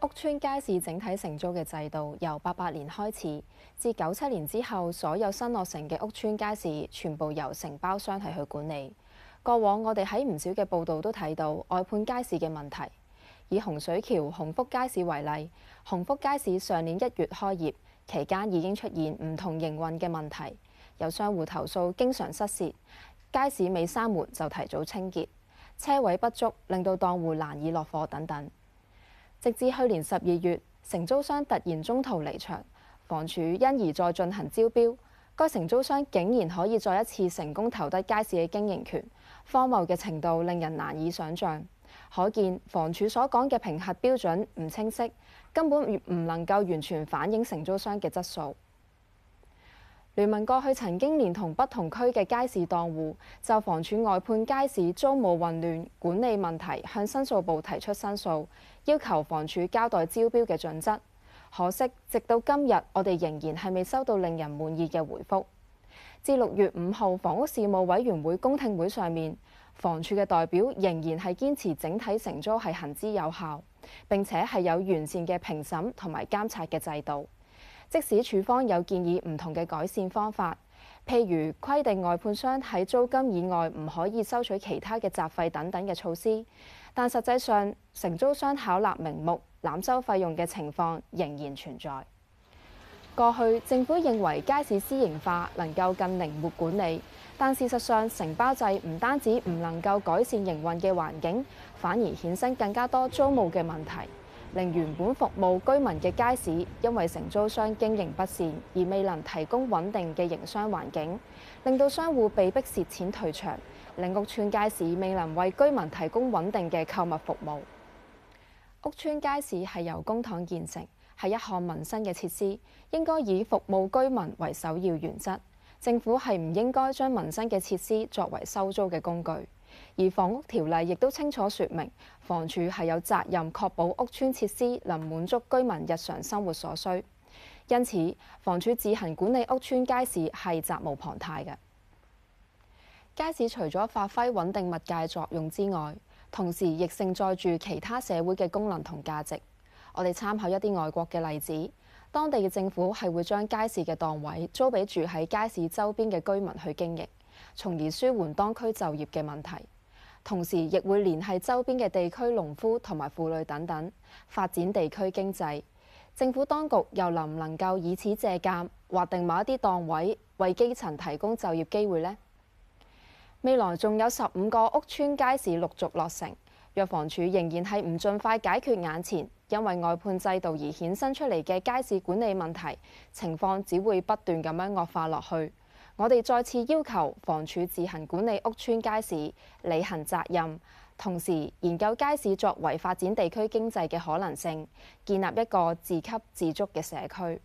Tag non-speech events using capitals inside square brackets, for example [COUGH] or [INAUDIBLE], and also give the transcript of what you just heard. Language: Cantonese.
屋村街市整體承租嘅制度由八八年開始，至九七年之後，所有新落成嘅屋村街市全部由承包商係去管理。過往我哋喺唔少嘅報道都睇到外判街市嘅問題，以洪水橋洪福街市為例，洪福街市上年一月開業，期間已經出現唔同營運嘅問題。有商戶投訴經常失竊，街市未閂門就提早清潔，車位不足令到檔戶難以落貨等等。直至去年十二月，承租商突然中途離場，房署因而再進行招標，該承租商竟然可以再一次成功投得街市嘅經營權，荒謬嘅程度令人難以想像。可見房署所講嘅評核標準唔清晰，根本唔能夠完全反映承租商嘅質素。聯盟過去曾經連同不同區嘅街市檔戶，就房署外判街市租務混亂管理問題，向申訴部提出申訴，要求房署交代招標嘅準則。可惜直到今日，我哋仍然係未收到令人滿意嘅回覆。至六月五號房屋事務委員會公聽會上面，房署嘅代表仍然係堅持整體承租係行之有效，並且係有完善嘅評審同埋監察嘅制度。即使署方有建議唔同嘅改善方法，譬如規定外判商喺租金以外唔可以收取其他嘅雜費等等嘅措施，但實際上承租商巧立名目濫收費用嘅情況仍然存在。過去政府認為街市私營化能夠更靈活管理，但事實上承包制唔單止唔能夠改善營運嘅環境，反而衍生更加多租務嘅問題。令原本服務居民嘅街市，因為承租商經營不善而未能提供穩定嘅營商環境，令到商戶被迫蝕錢退場，令屋邨街市未能為居民提供穩定嘅購物服務。 [NOISE] 屋邨街市係由公帑建成，係一項民生嘅設施，應該以服務居民為首要原則。政府係唔應該將民生嘅設施作為收租嘅工具。而房屋條例亦都清楚説明，房署係有責任確保屋邨設施能滿足居民日常生活所需。因此，房署自行管理屋邨街市係責無旁貸嘅。街市除咗發揮穩定物價作用之外，同時亦承載住其他社會嘅功能同價值。我哋參考一啲外國嘅例子，當地嘅政府係會將街市嘅檔位租俾住喺街市周邊嘅居民去經營。從而舒緩當區就業嘅問題，同時亦會聯繫周邊嘅地區農夫同埋婦女等等，發展地區經濟。政府當局又能唔能夠以此借鑑，劃定某一啲檔位，為基層提供就業機會呢？未來仲有十五個屋村街市陸續落成，若房署仍然係唔盡快解決眼前因為外判制度而衍生出嚟嘅街市管理問題，情況只會不斷咁樣惡化落去。我哋再次要求房署自行管理屋邨街市，履行責任，同時研究街市作為發展地區經濟嘅可能性，建立一個自給自足嘅社區。